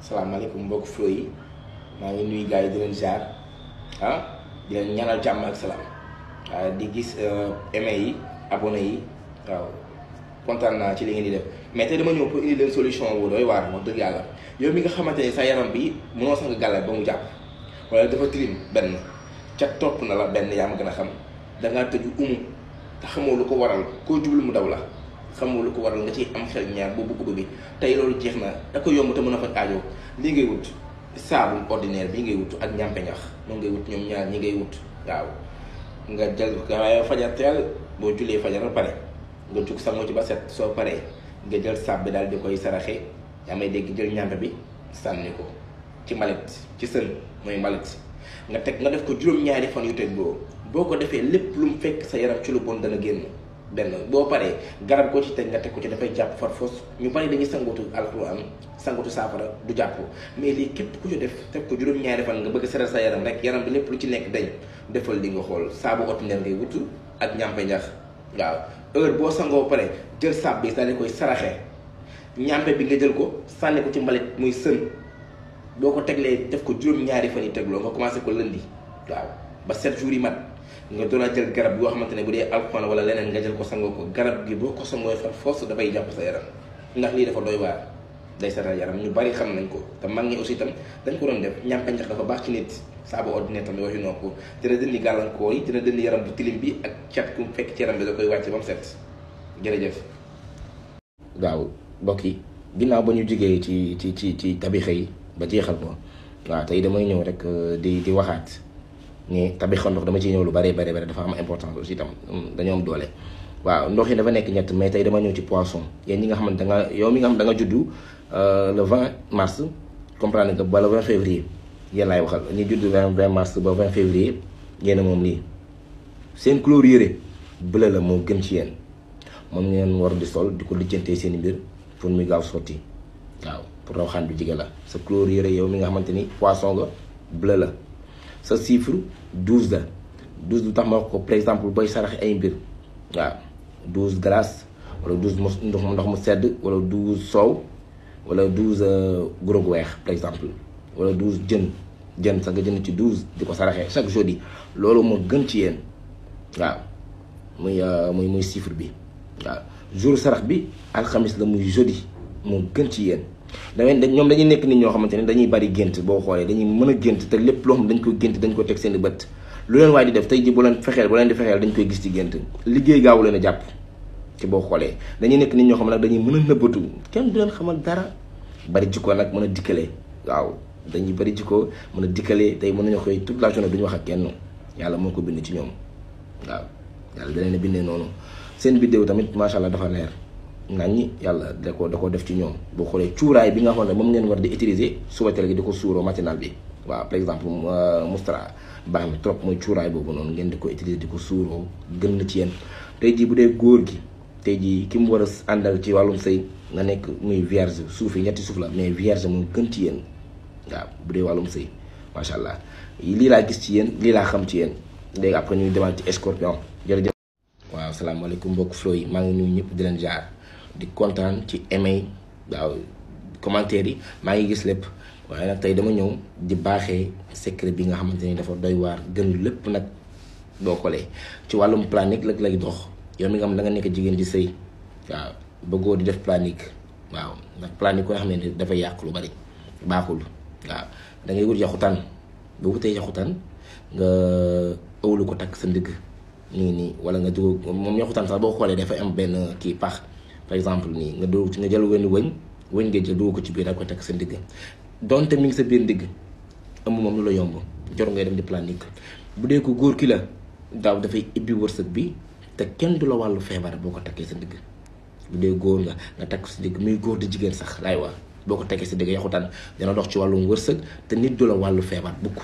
salaamaaleykum mbokk Flo yi maa ngi nuyu gars yi di leen ah di leen ñaanal jàmm ak salaam waaw ah, di gis euh, aimé yi abonné yi waaw kontaan naa ci li ngeen di def mais tey dama ñëw pour indi leen solution wu doy waar wax dëgg yàlla yow mi nga xamante ne sa yaram bi mënoo sang gàlla ba mu jàpp wala dafa tilim benn ca topp na la benn yaa ma gën a xam da tëju umu te xamoo lu ko waral koo jublu mu daw la. xamoo lu ko waral nga ci am xel ñaar boobu ubbi bi tey loolu jeex na da ko yomb te mën a faj aajo lii ngay wut saabu ordinaire bi ngay wut ak ñàmpe ñax moo ngay wut ñoom ñaar ñi ngay wut waaw nga jël nga fajar teel boo julee fajar ba pare nga jug sangu ci ba soo paree nga jël saab bi daal di koy saraxee yaa may dégg jël ñàmpe bi sànni ko ci mbalit ci sën mooy mbalit nga teg nga def ko juróom-ñaari fan yu teg boo boo ko defee lépp lu mu fekk sa yaram ci lu bon dana génn benn boo paree garab koo ci teg nga teg ko ci dafay jàpp far foos ñu bari dañuy sangatu alxuraan sangatu saafara du jàpp mais lii képp ku ci def teg ko juróom-ñaari fan nga bëgg seral sa yaram rek yaram bi lépp lu ci nekk dañ defal li nga xool saabu ordinaire ngay wut ak ñàmpe ñax waaw heure boo sangoo pare jël saab bi daal di koy saraxe ñàmpe bi nga jël ko sànni ko ci mbalit muy sën boo ko teglee def ko juróom-ñaari fan yi tegloo nga commencé ko lëndi waaw ba set jours yi mat nga doon jël garab yoo xamante ne bu wala leneen nga jël ko sangoo garab gi boo ko sangoo far force dafay jàpp sa yaram ndax lii dafa doy waar day seetal yaram ñu bari xam nañ ko te mag aussi tam dañ ko doon def ñàmpanjax dafa baax ci nit saabu ordinaire tam waxi noo dina dindi gàllankoor yi dina dindi yaram bu tilim bi ak cat ku fekk ci yaram bi da koy set ci ci ci ci ba ko damay rek euh, di di ni tabi xon ndox dama ci ñëw lu bari bari bari dafa am importance aussi tam dañu am doole waaw ndox yi dafa nekk ñett mais tey dama ñëw ci poisson yéen ñi nga xam da nga yow mi nga xam da nga juddu euh, le 20 mars comprendre nga ba le 20 février yéen laay waxal ñi juddu 20 mars ba 20 février moom ni seen couleur yére bleu la moo gën ci moom ngeen war di sol di ko lijjantee seen mbir pour muy gaaw sotti waaw pour raw bi jige la sa couleur yére yow mi nga xamante poisson nga bleu la sa chiffre douze la douze lu tax ma wax ko par exemple booy sarax ay mbir waaw douze glace wala douze mos ndox ndox mu sedd wala douze soow wala douze euh, guro par exemple wala douze jën jën sax nga jënd ci douze di ko saraxee chaque di loolu moo gën ci yéen waaw muy euh, muy muy chiffre bi waaw jour sarax bi alxamis la muy jeudi moo gën ci yéen damay ñoom dañuy nekk nit ñoo xamante ne dañuy bari gént boo xoolee dañuy mën a gént te lépp loo xam dañ ko gént dañ ko teg seen i bët lu leen waaye di def tey ji bu leen fexeel bu leen di fexeel dañ koy gis ci gént liggéey gaawu leen a jàpp ci boo xoolee dañuy nekk nit ñoo xam ne nag dañuy mën a nëbbatu kenn du leen xam a dara bari jikko nag mën a dikkalee waaw dañuy bari jikko mën a dikkalee tey mën nañoo koy toute la journée duñu wax ak kenn yàlla moo ko bind ci ñoom waaw yàlla da leen a noonu seen vidéo tamit macha dafa leer naññi yàlla da ko da ko def ci ñoom boo xoolee cuuraay bi nga xam ne moom ngeen war di utiliser suba teel gi di ko suuroo matinal bi waaw par exemple euh, mustara baax na trop mooy cuuraay boobu noonu ngeen di ko utiliser di ko suuroo gën na ci yéen tey jii bu dee góor gi tey jii ki mu war a àndal ci wàllum sëy nga nekk muy vierge suuf yi ñetti suuf la mais vierge moo gën ci yéen waaw bu dee wàllum sëy macha allah lii laa gis ci yéen lii laa xam ci yéen léegi après ñuy demaat ci scorpion jërëjëf waaw salaamaaleykum mbokk flow yi maa ngi nuyu ñëpp di leen jaar di kontaan ci aimé waaw commentaire yi maa ngi gis lépp waaye nag tey dama ñëw di baaxee secret bi nga xamante ni dafa doy waar gën lépp nag boo kolee ci wàllum planique lëg lay dox yow mi nga xam da nga nekk jigéen di sëy waaw bëggoo di def planique waaw ndax planique ko nga xam ne dafa yàq lu bari baaxul waaw da ngay wut yaxutaan boo wutee yaxutaan nga ëwlu ko takk sa ndigg nii nii wala nga dugg moom yaxutaan sax boo xoolee dafa am benn kii pax par exemple nii nga doo ci nga jël wenn wëñ wëñ nga jël doo ko ci biir ak ko takk sa ndigg donte mi ngi sa biir ndigg ëmb moom lu la yomb jor ngay dem di planique bu dee ko góor ki la daaw dafay ibbi wërsëg bi te kenn du la wàllu feebar boo ko takkee sa ndigg bu dee góor nga nga takk sa ndigg muy góor di jigéen sax laay waa boo ko tekkee sa dégg yaxutaan dina dox ci wàllum wërsëg te nit du la wàllu feebar bukk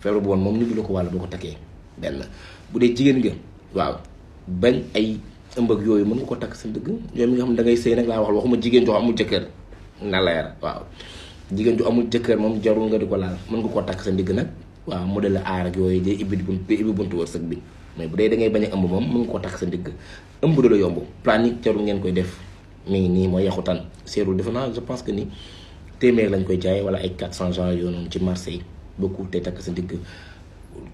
feebar bu woon moom nit du la ko wàllu boo ko takkee benn bu dee jigéen nga waaw bañ ay sa mbëgg yooyu mun nga koo takk sa dëgg yooyu mi nga xam da ngay sëy nag laa wax waxuma jigéen joo amul jëkkër na leer waaw jigéen ju amul jëkkër moom jarul nga di ko laal mën nga koo takk sa ndigg nag waaw mu dala aar ak yooyu day ibbi bunt day ibbi buntu bi mais bu dee da ngay bañ a ëmb moom mën nga koo takk sa ndigg ëmb dala yomb planique jarul ngeen koy def mi ngi nii mooy yaxutan seerul defe naa je pense que nii téeméer lañ koy jaay wala ay 400 gens yoo noonu ci marché yi beaucoup tey takk sa ndigg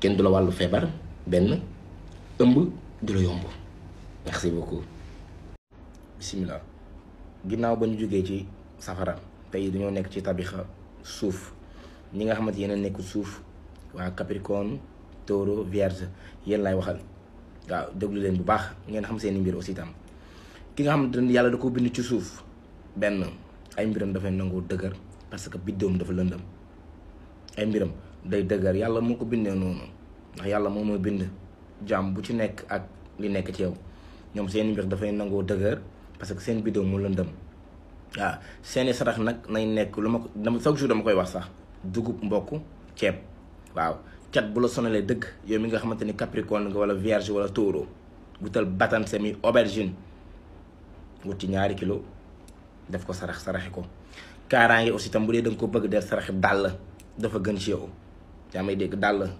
kenn du la wàllu feebar benn ëmb du la yomb merci beaucoup bisimilah ginnaaw ba ñu jógee ci safara tey dañoo nekk ci tabixa suuf ñi nga xamante yéen a nekk suuf waa Capricorne Taureau Vierge yéen laay waxal waaw déglu leen bu baax ngeen xam seen i mbir aussi ki nga xam ne yàlla da koo bind ci suuf benn ay mbiram dafay nangoo dëgër parce que biddoom dafa lëndëm ay day dëgër yàlla moo ko bindee noonu ndax yàlla moom mooy bind jàmm bu ci nekk ak li nekk ci yow ñoom seen mbir dafay nangoo dëgër parce que seen bidon mu lëndëm waaw seeni sarax nag nañ nekk lu ma ko dama chaque jour dama koy wax sax dugub mbokk ceeb waaw cat bu la sonalee dëgg yow mi nga xamante ni capricorne nga wala vierge wala taureau gutal batan semi aubergine wut ci ñaari kilo def ko sarax saraxi ko kaaraa ngi aussi tam bu dee da nga ko bëgg def saraxi dàll dafa gën ci yow yaa may dégg dàll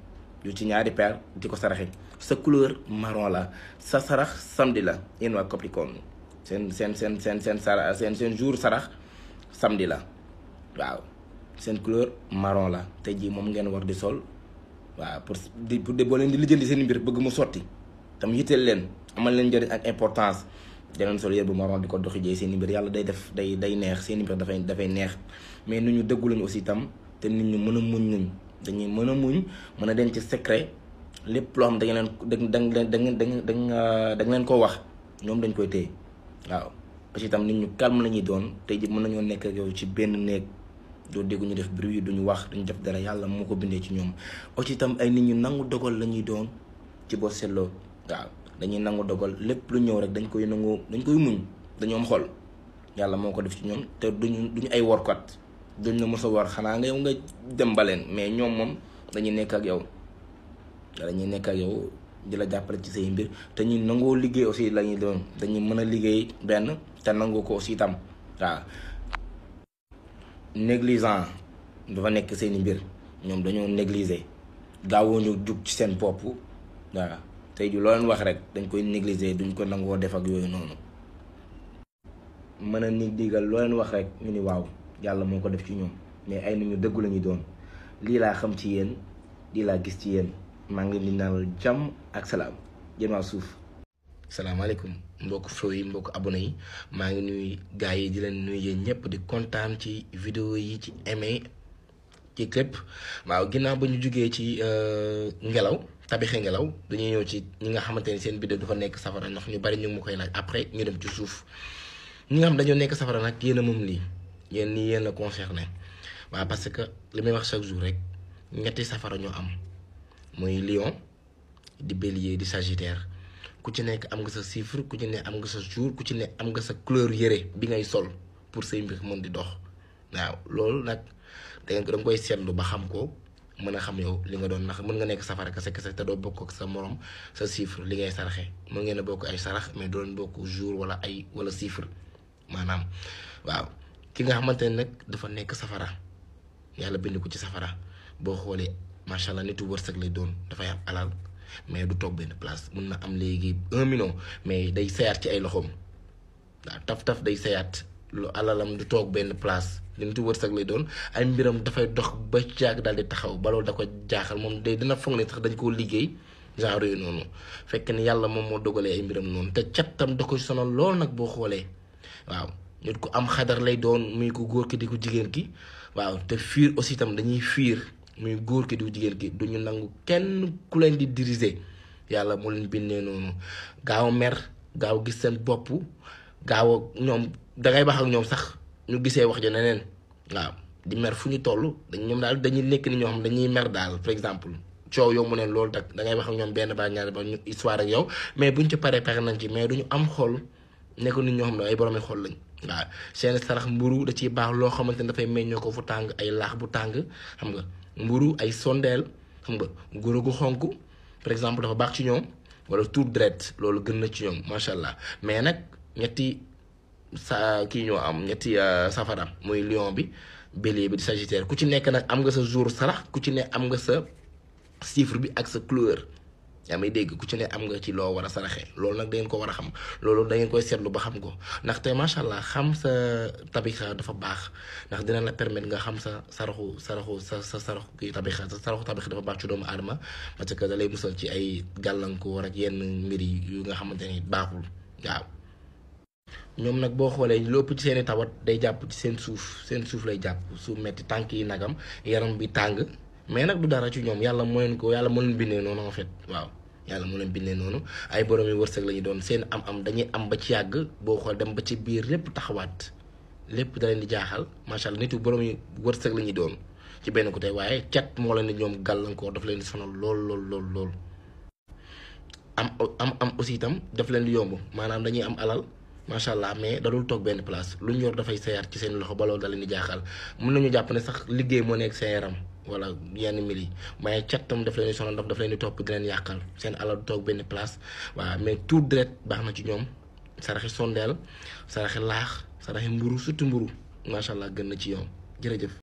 yu ci ñaari paire di ko saraxi sa couleur marron la sa sarax samedi la yéen waa Capricorne sen sen sen sen sen sara sen sen jour sarax samedi la waaw sen couleur marron la tey jii moom ngeen war di sol waaw pour di pour de boo leen di lijjanti sen mbir bëgg mu sotti tam yitteel leen amal leen njëriñ ak importance danañ sol yére bu marron di ko doxi jee sen mbir yàlla day def day day neex seen mbir dafay dafay neex mais nu ñu dëggu aussi tam te nit ñu mën a muñ nuñ dañuy mën a muñ mën a denc secret lépp loo xam da nga leen da nga da nga da nga da nga leen koo wax ñoom dañ koy téye waaw parce que itam nit ñu calme la ñuy doon tey mën nañoo nekk ak ci benn néeg doo dégg ñu def bruit duñu wax duñu def dara yàlla moo ko bindee ci ñoom aussi itam ay nit ñu nangu dogal la ñuy doon ci boo seetloo waaw dañuy nangu dogal lépp lu ñëw rek dañ koy nangu dañ koy muñ dañoom am xol yàlla moo ko def ci ñoom te duñu duñu ay workat duñ na mos war xanaa nga yow nga dem baleen mais ñoom moom dañuy nekk ak yow. dañuy nekk ak yow di la jàppale ci say mbir te ñu nangoo liggéey aussi la ñuy doon dañuy mën a liggéey benn te nangoo ko aussi itam waaw négligent dafa nekk seeni mbir ñoom dañoo négliger gaawoo ñu jug ci seen popp waaw tey ju loo wax rek dañ koy négliger duñ ko nangoo def ak yooyu noonu mën a ni digal loo wax rek ñu ni waaw yàlla moo ko def ci ñoom mais ay nit ñu dëggu la doon lii laa xam ci yéen lii laa gis ci yéen maa ngi leen di ñaanal jàmm ak salaam jëm naa suuf. salaamaaleykum mbokk flow yi mbokk abona yi maa ngi nuyu gars yi di leen nuyu yéen ñëpp di kontaan ci vidéo yi ci aimé ci clip waaw ginnaaw ba ñu jugee ci euh, ngelaw tabixe ngelaw dañuy ñëw ci ñi nga xamante ni seen vidéo dafa nekk safara ndox ñu bari ñu ngi ma koy laaj après ñu dem ci suuf ñi nga xam dañoo nekk safara nag yéen a moom lii yéen nii yéen a concerné waaw parce que li may wax chaque jour rek ñetti safara ñoo am. mooy lion di bélier di sagittaire ku ci nekk am nga sa chiffre ku ci ne am nga sa jour ku ci ne am nga sa couleur yére bi ngay sol pour say mbir mën di dox waaw loolu nak da nga da nga koy seetlu ba xam ko mën a xam yow li nga doon ndax mën nga nekk safara kese kese ta doo bokk ak sa morom sa chiffre li ngay saraxe mën ngeen a bokk ay sarax mais doon bokk jour wala ay wala chiffre maanaam waaw ki nga xamante ne nag dafa nekk safara yàlla bind ko ci safara boo xoolee macha allah nitu wërsëg lay doon dafay am alal mais du toog benn place mun na am léegi un mais day seyaat ci ay loxoom waaw taf-taf day seyaat lu alalam du toog benn place li nitu wërsëg lay doon ay mbiram dafay dox ba jaag daal di taxaw ba da ko jaaxal moom day dina foog ne dañ koo liggéey genre noonu fekk ni yàlla moom moo dogalee ay mbiram noonu te cattam da ko sonal lool nag boo xoolee waaw nit ku am xadar lay doon muy ku góor ki di ko jigéen gi waaw te fiir aussi itam dañuy fiir muy góor ki di jigéen ki duñu nangu kenn ku leen di diriger yàlla moo leen bindee noonu gaaw mer gaaw gis seen bopp gaaw ak ñoom dangay wax ak ñoom sax ñu gisee wax ja neneen waaw di mer fu ñu toll dañ ñoom daal dañuy nekk ni ñoo xam dañuy mer daal par exemple coow yow mu ne loolu tak da ngay wax ak ñoom benn ba ñaar ba ñu histoire ak yow mais buñ ci paree pare nañ ci mais du ñu am xol nekk nit ñoo xam ne ay boroomi xol lañ waaw seen sarax mburu da ciy baax loo xamante ne dafay meññoo ko fu tàng ay laax bu tàng xam nga mburu ay sondeel xam nga guro gu xonk par exemple dafa baax ci ñoom wala tuur deret loolu gën na ci ñoom macha allah mais nag ñetti sa kii ñoo am ñetti euh, safara muy lion bi bélier bi di sagittaire ku ci nekk nag am nga sa jour sarax ku ci ne am nga sa chiffre bi ak sa couleur yaa may dégg ku ci ne am nga ci loo war a saraxe loolu nag dangeen ko war a xam loolu dangeen koy seetlu ba xam ko ndaxte macha allah xam sa tabixa dafa baax ndax dina la permettre nga xam sa saraxu saraxu sa sa saraxu kii tabixa sa saraxu tabixa dafa baax ci doomu adama parce que da lay musal ci ay gàllankoor ak yenn mbir yu nga xamante ni baaxul waaw. ñoom nag boo xoolee lépp ci seeni tawat day jàpp ci seen suuf seen suuf lay jàpp suuf metti tànk yi nagam yaram bi tàng. mais nag du dara ci ñoom yàlla moo leen ko yàlla moo leen bindee noonu en fait waaw yàlla moo leen bindee noonu ay borom yu wërsëg la ñu doon seen am-am dañuy am ba ci yàgg boo xool dem ba ci biir lépp taxawaat lépp da leen di jaaxal macha allah nitu borom yu wërsëg la ñuy doon ci benn côté waaye cat moo leen ñoom gàllankoor daf leen di sonal lool lool lool lool. am am am aussi itam daf leen di yomb maanaam dañuy am alal. macha allah mais da toog benn place lu ñu yor dafay seer ci seen loxo ba loolu di jaaxal mën nañu jàpp ne sax liggéey moo nekk seen yaram wala yenn mil yi mais cat tam daf leen di sonal daf leen di topp di leen yàqal seen alal toog benn place waaw mais tout deret baax na ci ñoom saraxi sondeel saraxi laax saraxi mburu surtout mburu macha allah gën na ci yoon jërëjëf.